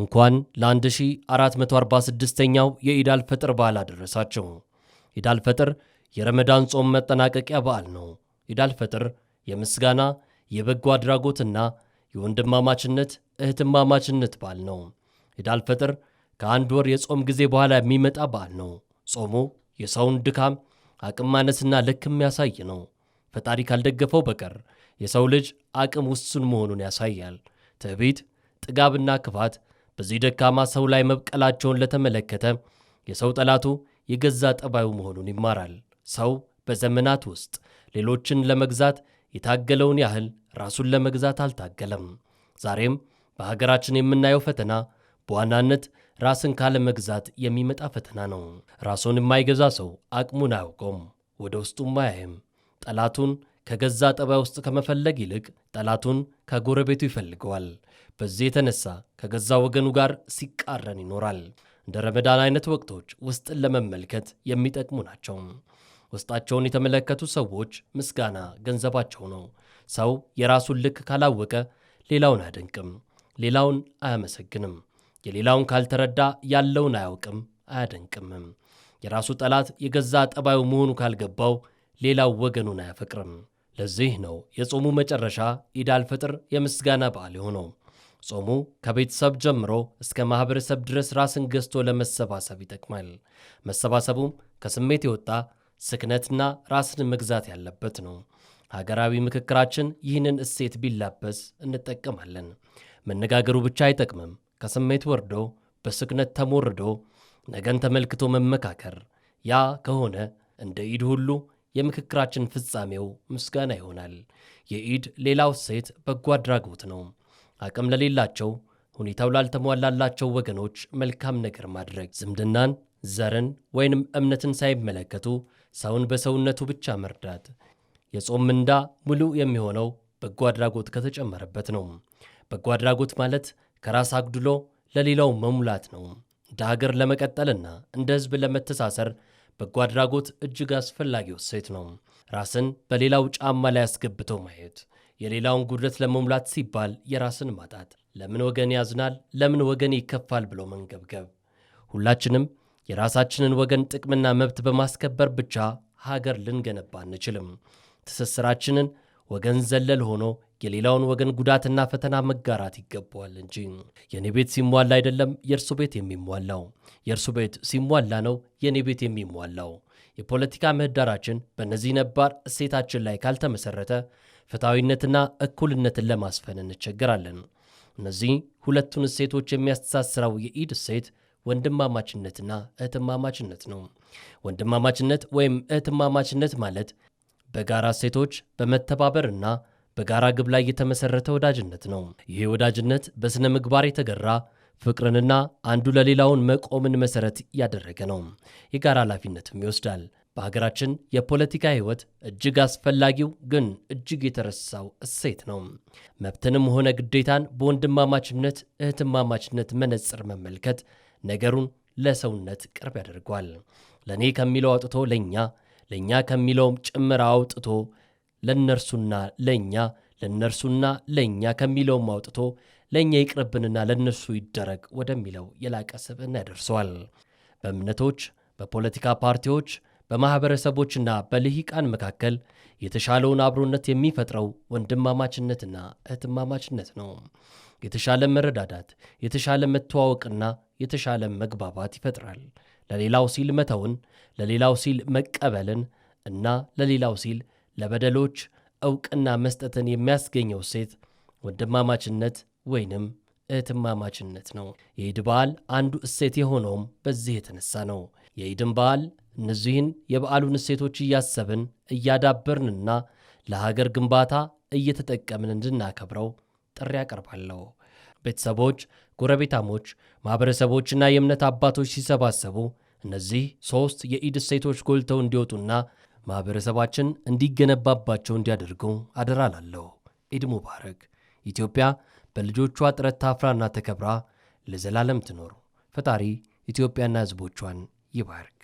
እንኳን ለ1446ኛው የኢዳል ፈጥር በዓል አደረሳቸው። ኢዳል ፈጥር የረመዳን ጾም መጠናቀቂያ በዓል ነው። ኢዳል ፈጥር የምስጋና የበጎ አድራጎትና የወንድማማችነት እህትማማችነት በዓል ነው። ኢዳል ፈጥር ከአንድ ወር የጾም ጊዜ በኋላ የሚመጣ በዓል ነው። ጾሙ የሰውን ድካም አቅም ማነስና ልክ የሚያሳይ ነው። ፈጣሪ ካልደገፈው በቀር የሰው ልጅ አቅም ውሱን መሆኑን ያሳያል። ትዕቢት፣ ጥጋብና ክፋት በዚህ ደካማ ሰው ላይ መብቀላቸውን ለተመለከተ የሰው ጠላቱ የገዛ ጠባዩ መሆኑን ይማራል። ሰው በዘመናት ውስጥ ሌሎችን ለመግዛት የታገለውን ያህል ራሱን ለመግዛት አልታገለም። ዛሬም በሀገራችን የምናየው ፈተና በዋናነት ራስን ካለመግዛት የሚመጣ ፈተና ነው። ራሱን የማይገዛ ሰው አቅሙን አያውቀውም፣ ወደ ውስጡም አያይም። ጠላቱን ከገዛ ጠባይ ውስጥ ከመፈለግ ይልቅ ጠላቱን ከጎረቤቱ ይፈልገዋል። በዚህ የተነሳ ከገዛ ወገኑ ጋር ሲቃረን ይኖራል። እንደ ረመዳን አይነት ወቅቶች ውስጥን ለመመልከት የሚጠቅሙ ናቸው። ውስጣቸውን የተመለከቱ ሰዎች ምስጋና ገንዘባቸው ነው። ሰው የራሱን ልክ ካላወቀ ሌላውን አያደንቅም፣ ሌላውን አያመሰግንም። የሌላውን ካልተረዳ ያለውን አያውቅም፣ አያደንቅምም። የራሱ ጠላት የገዛ ጠባዩ መሆኑ ካልገባው ሌላው ወገኑን አያፈቅርም። ለዚህ ነው የጾሙ መጨረሻ ኢድ አልፈጥር የምስጋና በዓል የሆነው። ጾሙ ከቤተሰብ ጀምሮ እስከ ማኅበረሰብ ድረስ ራስን ገዝቶ ለመሰባሰብ ይጠቅማል። መሰባሰቡም ከስሜት የወጣ ስክነትና ራስን መግዛት ያለበት ነው። ሀገራዊ ምክክራችን ይህንን እሴት ቢላበስ እንጠቀማለን። መነጋገሩ ብቻ አይጠቅምም። ከስሜት ወርዶ በስክነት ተሞርዶ ነገን ተመልክቶ መመካከር ያ ከሆነ እንደ ኢድ ሁሉ የምክክራችን ፍጻሜው ምስጋና ይሆናል። የኢድ ሌላው ሴት በጎ አድራጎት ነው። አቅም ለሌላቸው፣ ሁኔታው ላልተሟላላቸው ወገኖች መልካም ነገር ማድረግ ዝምድናን፣ ዘርን ወይንም እምነትን ሳይመለከቱ ሰውን በሰውነቱ ብቻ መርዳት። የጾም ምንዳ ሙሉ የሚሆነው በጎ አድራጎት ከተጨመረበት ነው። በጎ አድራጎት ማለት ከራስ አጉድሎ ለሌላው መሙላት ነው። እንደ ሀገር ለመቀጠልና እንደ ሕዝብ ለመተሳሰር በጎ አድራጎት እጅግ አስፈላጊ እሴት ነው። ራስን በሌላው ጫማ ላይ አስገብቶ ማየት፣ የሌላውን ጉድለት ለመሙላት ሲባል የራስን ማጣት፣ ለምን ወገን ያዝናል፣ ለምን ወገን ይከፋል ብሎ መንገብገብ። ሁላችንም የራሳችንን ወገን ጥቅምና መብት በማስከበር ብቻ ሀገር ልንገነባ አንችልም። ትስስራችንን ወገን ዘለል ሆኖ የሌላውን ወገን ጉዳትና ፈተና መጋራት ይገባዋል እንጂ የእኔ ቤት ሲሟላ አይደለም የእርሱ ቤት የሚሟላው፣ የእርሱ ቤት ሲሟላ ነው የእኔ ቤት የሚሟላው። የፖለቲካ ምህዳራችን በእነዚህ ነባር እሴታችን ላይ ካልተመሰረተ ፍትሐዊነትና እኩልነትን ለማስፈን እንቸገራለን። እነዚህ ሁለቱን እሴቶች የሚያስተሳስረው የኢድ እሴት ወንድማማችነትና እህትማማችነት ነው። ወንድማማችነት ወይም እህትማማችነት ማለት በጋራ እሴቶች በመተባበርና በጋራ ግብ ላይ የተመሰረተ ወዳጅነት ነው። ይህ ወዳጅነት በሥነ ምግባር የተገራ ፍቅርንና አንዱ ለሌላውን መቆምን መሰረት ያደረገ ነው። የጋራ ኃላፊነትም ይወስዳል። በሀገራችን የፖለቲካ ሕይወት እጅግ አስፈላጊው ግን እጅግ የተረሳው እሴት ነው። መብትንም ሆነ ግዴታን በወንድማማችነት እህትማማችነት መነጽር መመልከት ነገሩን ለሰውነት ቅርብ ያደርጓል። ለእኔ ከሚለው አውጥቶ ለእኛ ለእኛ ከሚለውም ጭምር አውጥቶ ለእነርሱና ለእኛ ለእነርሱና ለእኛ ከሚለውም አውጥቶ ለእኛ ይቅርብንና ለእነርሱ ይደረግ ወደሚለው የላቀ ስብዕና ያደርሰዋል። በእምነቶች፣ በፖለቲካ ፓርቲዎች፣ በማኅበረሰቦችና በልሂቃን መካከል የተሻለውን አብሮነት የሚፈጥረው ወንድማማችነትና እህትማማችነት ነው። የተሻለ መረዳዳት፣ የተሻለ መተዋወቅና የተሻለ መግባባት ይፈጥራል። ለሌላው ሲል መተውን፣ ለሌላው ሲል መቀበልን እና ለሌላው ሲል ለበደሎች ዕውቅና መስጠትን የሚያስገኘው ሴት ወንድማማችነት ወይንም እህትማማችነት ነው። የኢድ በዓል አንዱ እሴት የሆነውም በዚህ የተነሳ ነው። የኢድን በዓል እነዚህን የበዓሉን እሴቶች እያሰብን እያዳበርንና ለሀገር ግንባታ እየተጠቀምን እንድናከብረው ጥሪ ያቀርባለሁ። ቤተሰቦች፣ ጎረቤታሞች፣ ማኅበረሰቦችና የእምነት አባቶች ሲሰባሰቡ እነዚህ ሦስት የኢድ እሴቶች ጎልተው እንዲወጡና ማኅበረሰባችን እንዲገነባባቸው እንዲያደርጉ አደራላለሁ ላለሁ። ኢድ ሙባረክ። ኢትዮጵያ በልጆቿ ጥረት ታፍራና ተከብራ ለዘላለም ትኖር። ፈጣሪ ኢትዮጵያና ሕዝቦቿን ይባርክ።